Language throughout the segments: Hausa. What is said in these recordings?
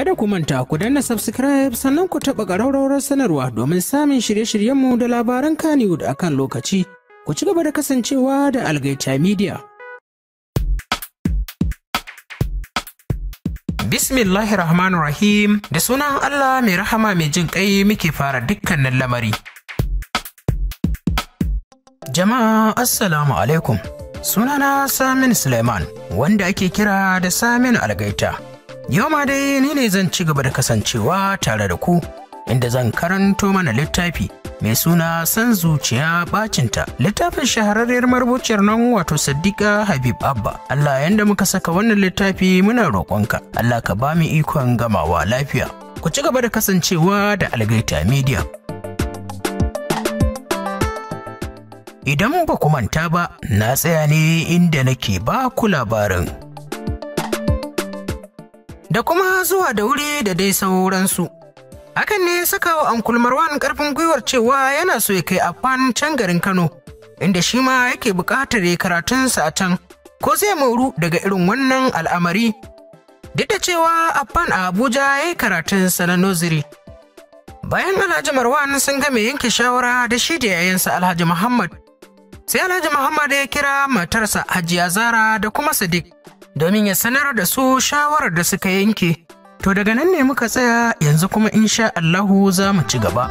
Kada ku manta ku danna subscribe sannan ku taɓa ƙararrawar sanarwa domin samun shirye-shiryenmu da labaran Kannywood a kan lokaci. Ku ci gaba da kasancewa da Algaita Media. Bismillahir Rahmanir Rahim da sunan Allah mai rahama mai jin ƙai muke fara dukkanin lamari. Jama'a Assalamu alaikum. Sunana Samin Suleiman wanda ake kira da Samin Algaita. Yau ma dai ni ne zan ci gaba da kasancewa tare da ku inda zan karanto mana littafi mai suna san zuciya bacinta littafin shahararriyar marubuciyar nan wato Sadiqa Habib Abba Allah yanda muka saka wannan littafi muna roƙonka Allah ka ba mu ikon gamawa lafiya ku ci gaba da kasancewa da Algaita Media Idan ba ku manta ba na tsaya ne inda nake ba ku labarin da kuma zuwa da wuri da dai sauransu. Hakan ne saka wa Ankul Marwan karfin gwiwar cewa yana so ya kai afan can garin Kano, inda shi ma yake buƙatar ya karatunsa a can, ko zai moru daga irin wannan al'amari. Duk da cewa a a Abuja ya yi karatunsa na Noziri. Bayan Alhaji Marwan sun game yanke shawara da shi da yayansa Alhaji Muhammad. Sai Alhaji Muhammad ya kira matarsa Hajiya Zara da kuma Sadiq. domin ya sanar da su shawarar da suka yanke. To daga nan ne muka tsaya yanzu kuma in sha Allahu za mu ci gaba.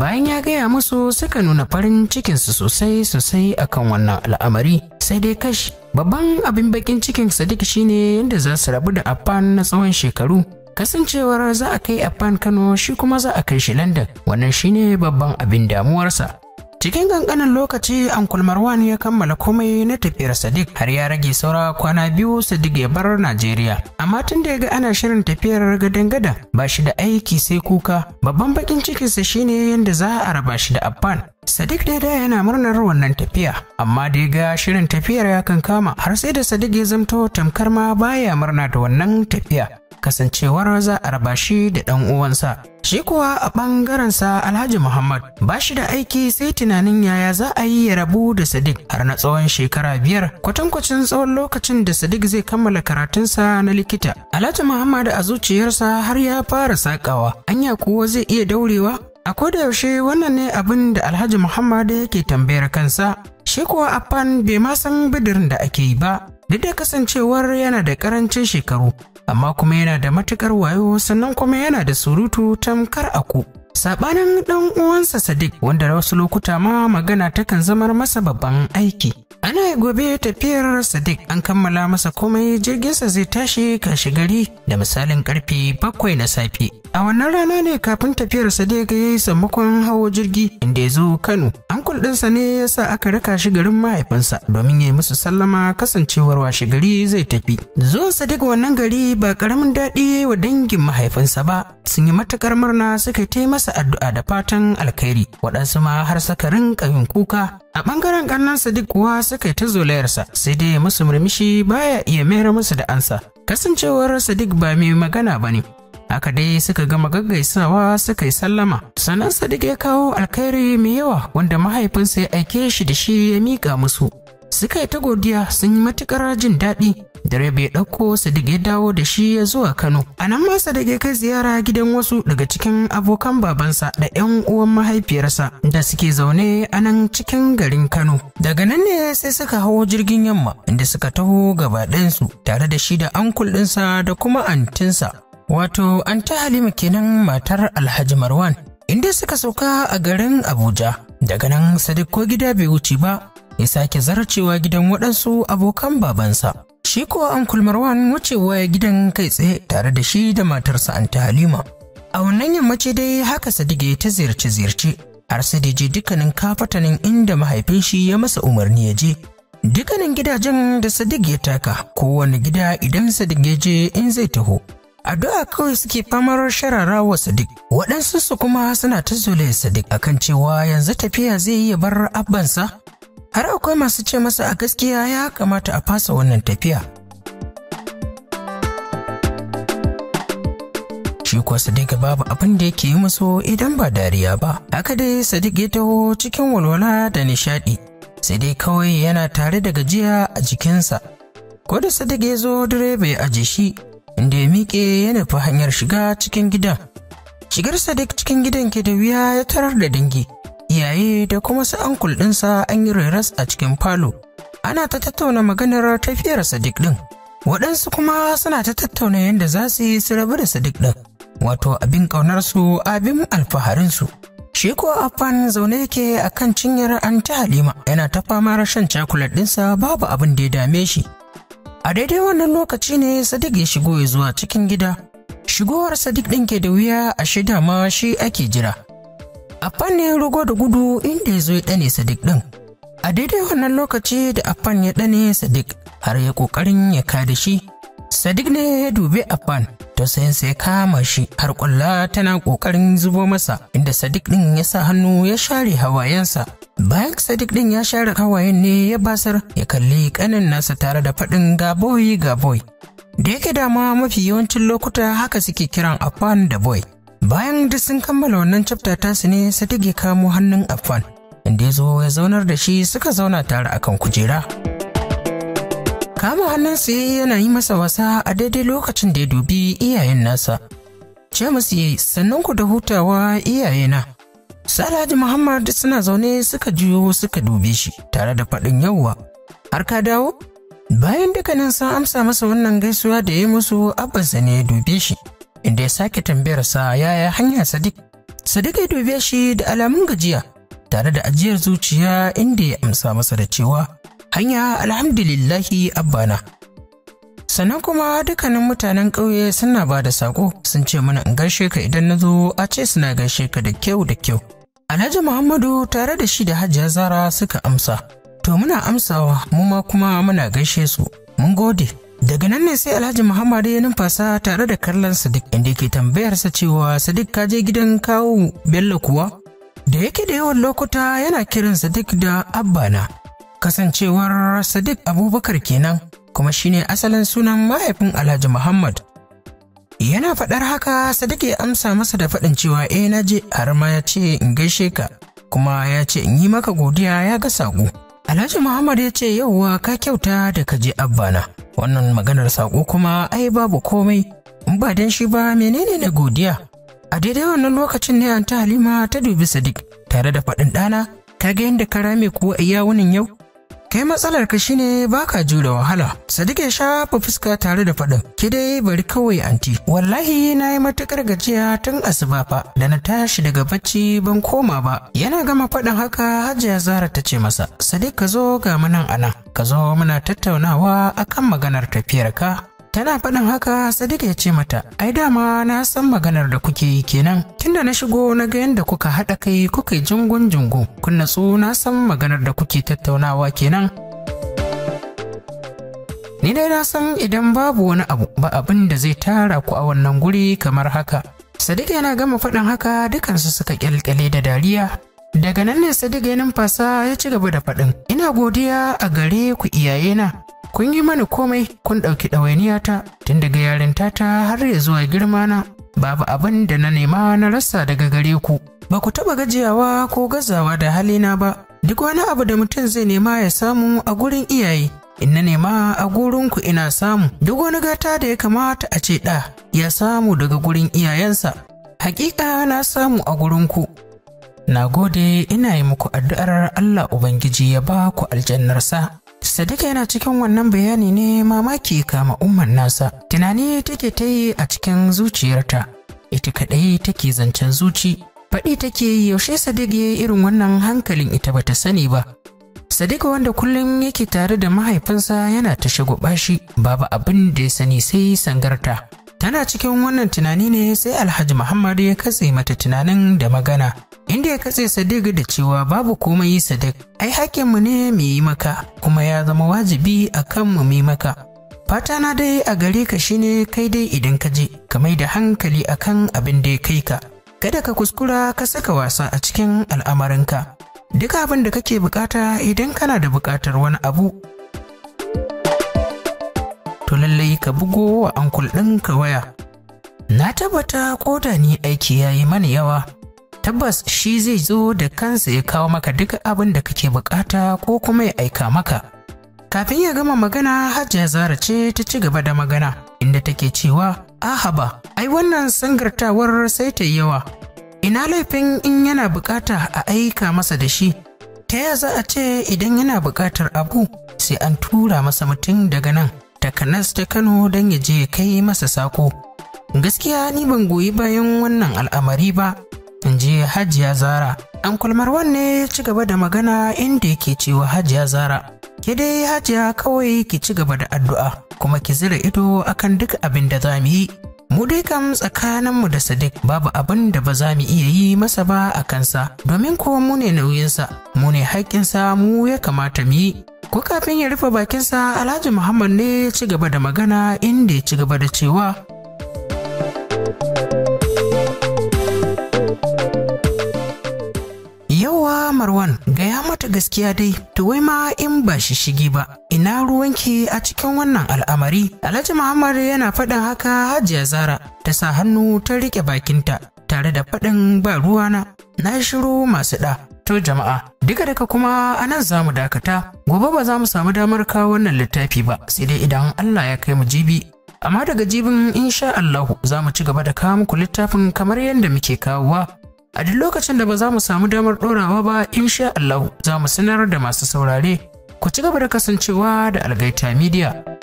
Bayan ya gaya musu suka nuna farin cikinsu sosai sosai akan wannan al'amari sai dai kash babban abin bakin cikin Sadiq shine yadda za su rabu da Afan na tsawon shekaru kasancewar za a kai Afan Kano shi kuma za a kai shi landan, wannan shine babban abin damuwarsa Cikin kankanin lokaci Uncle Marwan ya kammala komai na tafiyar Sadiq har ya rage saura kwana biyu Sadiq ya bar Najeriya. Amma tun da ya ga ana shirin tafiyar gadan-gadan ba shi da aiki sai kuka babban bakin cikinsa shine yadda za a raba shi da abban. Sadiq da da yana murnar wannan tafiya, amma da ga shirin tafiyar ya kankama har sai da Sadiq ya zamto tamkar ma baya murna da wannan tafiya. kasancewar za a raba shi da ɗan uwansa. Shi kuwa a ɓangarensa Alhaji Muhammad ba shi da aiki sai tunanin yaya za a yi ya rabu da Sadiq har na tsawon shekara biyar kwatankwacin tsawon lokacin da Sadiq zai kammala karatunsa na likita. Alhaji Muhammad a zuciyarsa har ya fara sakawa, anya kuwa zai iya daurewa? A yaushe wannan ne abin da Alhaji Muhammad yake tambayar kansa, shi kuwa Affan bai ma san bidirin da ake yi ba, duk da kasancewar yana da karancin shekaru amma kuma yana da matukar wayo sannan kuma yana da surutu tamkar aku saɓanin ɗan uwansa sadiq wanda wasu lokuta ma magana takan zamar masa babban aiki ana gobe tafiyar sadiq an kammala masa komai jirginsa zai tashi kashi gari da misalin karfe bakwai na safe a wannan rana ne kafin tafiyar sadiq ya yi sammakon hawo jirgi inda ya zo kano an kulɗinsa ne ya sa aka raka shi garin mahaifinsa domin ya yi musu sallama kasancewar washe gari zai tafi zuwa sadiq wannan gari ba karamin daɗi wa dangin mahaifinsa ba sun yi matakar murna suka yi masa addu'a da fatan alkhairi waɗansu ma har saka rinka kuka A ɓangaren ƙannan Sadiq kuwa suka yi ta zolayarsa sai dai musu murmushi baya iya mayar musu da ansa. Kasancewar Sadiq ba mai magana ba ne. Haka dai suka gama gaggaisawa suka yi sallama. Sannan Sadiq ya kawo alkhairi mai yawa wanda mahaifinsa ya aike shi da shi ya miƙa musu. Suka yi ta godiya sun yi matuƙar jin daɗi Dare bai ɗauko Sadiq ya dawo da shi ya zuwa Kano. A nan ma Sadiq ya kai ziyara gidan wasu daga cikin abokan babansa da 'yan uwan mahaifiyarsa da suke zaune a nan cikin garin Kano. Daga nan ne sai suka hau jirgin yamma inda suka taho gaba ɗansu tare da shi da ankul ɗinsa da kuma antinsa. Wato, an ta Halima kenan matar Alhaji Marwan, inda suka sauka a garin Abuja. Daga nan Sadiq ko gida bai wuce ba, ya sake zarcewa gidan waɗansu abokan babansa. Shi ko Uncle Marwan wucewa gidan kai tsaye tare da shi da matarsa Anta Halima. A wannan yammaci dai haka Sadige ta ziyarci ziyarci har sai da je dukkanin kafatanin inda mahaifin shi ya masa umarni ya je. Dukkanin gidajen da Sadiq ya taka kowane gida idan Sadiq ya je in zai taho. Addu'a kawai suke famar sharara wa Sadiq, waɗansu su kuma suna ta zule Sadiq akan cewa yanzu tafiya zai iya bar abbansa har akwai masu ce masa a gaskiya ya kamata a fasa wannan tafiya. Shi kuwa Sadiq babu abin da yake yi musu idan ba dariya ba, haka dai Sadiq ya taho cikin walwala da nishaɗi, sai dai kawai yana tare da gajiya a jikinsa. Ko da Sadiq ya zo direba ya aje shi, inda ya miƙe ya nufi hanyar shiga cikin gidan. Shigar Sadiq cikin gidan ke da wuya ya tarar da dangi. iyaye da kuma su ankul ɗinsa an yi reras a cikin falo. Ana ta tattauna maganar tafiyar Sadiq ɗin. Waɗansu kuma suna ta tattauna yadda za su yi su rabu da Sadiq ɗin. Wato abin ƙaunarsu abin alfaharinsu. Shi ko Afan zaune yake a kan cinyar an ta Halima yana ta fama rashin cakulat ɗinsa babu abin da ya dame shi. A daidai wannan lokaci ne Sadiq ya shigo ya zuwa cikin gida. Shigowar Sadiq ɗin ke da wuya a shida ma shi ake jira. Affan ne ya rugo da gudu inda ya zo ya ɗane Sadiq ɗin. A daidai wannan lokaci da Affan ya ɗane Sadiq har ya ƙoƙarin ya kada shi. Sadiq ne ya dubi Affan sai ya kama shi har ƙwalla tana ƙoƙarin zubo masa inda Sadiq ɗin ya sa hannu ya share hawayensa. Bayan Sadiq ɗin ya share hawayen ne ya basar ya kalli ƙanin nasa tare da faɗin ga boy ga boy. Da yake dama mafi yawancin lokuta haka suke kiran Affan da boy. Bayan duk sun kammala wannan chapter tasu ne Sadiq ya kamo hannun Affan inda ya zo ya zaunar da shi suka zauna tare akan kujera. Kama su ya yana yi masa wasa a daidai lokacin da ya dubi iyayen nasa. Ce musu yayi sannan ku da hutawa iyayena. Salaji Muhammad suna zaune suka juyo suka dubi shi tare da faɗin yawwa. Har ka dawo? Bayan dukkanin sun amsa masa wannan gaisuwa da ya musu Abbas ne ya dube shi. inda ya sake tambayarsa yaya hanya Sadiq. Sadiq ya dube shi da alamun gajiya tare da ajiyar zuciya inda ya amsa masa da cewa hanya alhamdulillahi abbana. Sannan kuma dukkanin mutanen ƙauye suna ba da saƙo sun ce mana in gaishe ka idan na zo a ce suna gaishe ka da kyau da kyau. Alhaji Muhammadu tare da shi da Hajiya Zara suka amsa. To muna amsawa mu ma kuma muna gaishe su. Mun gode. daga nan ne sai alhaji muhammad ya numfasa tare da kallon sadiq inda yake tambayarsa cewa sadiq ka je gidan kawo bello kuwa da yake da yawan lokuta yana kiran sadiq da abbana kasancewar sadiq abubakar kenan kuma shine asalin sunan mahaifin alhaji muhammad yana faɗar haka sadiq ya amsa masa da faɗin cewa eh na je har ma ya ce in gaishe ka kuma ya ce in yi maka godiya ya ga saku. alhaji muhammad ya ce yauwa ka kyauta da ka je abbana Wannan maganar saƙo kuma ai babu komai, in ba don shi ba menene na godiya. A daidai wannan lokacin ne an ta Halima ta dubi Sadiq tare da faɗin ɗana, ka ga yadda ka rame kuwa iya wunin yau? kai matsalar ka shine baka jure wahala sadiq ya shafa fuska tare da faɗin ki dai bari kawai anti wallahi na yi gajiya tun asuba fa da na tashi daga bacci ban koma ba yana gama faɗin haka hajiya zara ta ce masa sadiq ka zo ga mu nan anan ka zo muna tattaunawa akan maganar tafiyarka Tana faɗin haka Sadiq ya ce mata, "Ai dama na san maganar da kuke yi kenan. Tunda na shigo na ga yadda kuka haɗa kai kuka yi jingun jingu, kun natsu na san maganar da kuke tattaunawa kenan." Ni dai na san idan babu wani abu ba abin da zai tara ku a wannan guri kamar haka. Sadiq yana gama faɗin haka dukansu suka ƙyalƙyale da dariya. Daga nan ne Sadiq ya numfasa ya ci gaba da faɗin, "Ina godiya a gare ku iyayena, kun yi mani komai kun ɗauki ɗawainiyata tun daga yarinta ta har ya zuwa girmana babu abin da na nema na rasa daga gare ku ba ku taɓa gajiyawa ko gazawa da halina ba duk wani abu da mutum zai nema ya samu a gurin iyaye in na nema a gurinku ina samu duk wani gata da ya kamata a ce ɗa ya samu daga gurin iyayensa hakika na samu a gurinku na gode ina yi muku addu'ar allah ubangiji ya ba ku aljannarsa Sadiqa yana cikin wannan bayani ne mamaki kama umman nasa. Tunani take ta yi a cikin zuciyarta. Ita kaɗai take zancen zuci. Faɗi take yi yaushe Sadiq ya irin wannan hankalin ita bata sani ba. Sadiq wanda kullum yake tare da mahaifinsa yana ta shigo shi babu abin da ya sani sai sangarta. Tana cikin wannan tunani ne sai Alhaji Muhammad ya katse mata tunanin da magana. inda ya katse Sadiq da cewa babu komai Sadiq, ai mu ne mu yi maka, kuma ya zama wajibi a kan mu yi maka. Fata na dai a gare ka shine kai dai idan ka je, ka mai da hankali akan abin da ya kai ka. Kada ka kuskura ka saka wasa a cikin al'amarinka. Duk abin da kake bukata idan kana da bukatar wani abu. To lallai ka bugo wa ankul ka waya. Na tabbata ko da ni aiki ya yi mana yawa. tabbas shi zai zo da kansa ya kawo maka duk abin da kake bukata ko kuma ya aika maka kafin ya gama magana hajiya zara ce ta ci gaba da magana inda take cewa ahaba ai wannan sangartawar sai ta yawa ina laifin in yana bukata a aika masa da shi ta ya za a ce idan yana bukatar abu sai an tura masa mutum daga nan takanas ta kano don ya je kai masa sako gaskiya ni ban goyi bayan wannan al'amari ba je hajiya zara an kulmar wanne ya ci gaba da magana inda yake cewa Hajiya Zara. Ke dai Hajiya kawai ki ci gaba da addu'a kuma ki zira ido akan duk abin da za mu yi. Mu dai kam tsakaninmu da Sadiq babu abin da ba za mu iya yi masa ba a kansa domin ko mu ne nauyinsa, mu ne haƙƙinsa mu ya kamata mu yi. Ko kafin ya rufe bakinsa Alhaji Muhammad ne ci gaba da magana inda ya ci gaba da cewa Marwan, gaya mata gaskiya dai, to wai ma in ba shi shigi ba, ina ruwanki a cikin wannan al'amari. Alhaji Muhammad yana faɗin haka Hajiya Zara ta sa hannu ta rike bakinta tare da faɗin ba ruwana. Na shiru masu ɗa. To jama'a, duka daga kuma a nan za mu dakata, gobe ba za mu samu damar kawo wannan littafi ba, sai dai idan Allah ya kai mu jibi amma daga jibin insha Allahu za mu ci gaba da kawo muku littafin kamar yadda muke kawowa A duk lokacin da ba za mu samu damar ɗorawa ba, insha Allah za mu sanar da masu saurare. Ku ci gaba da kasancewa da Algaita Media.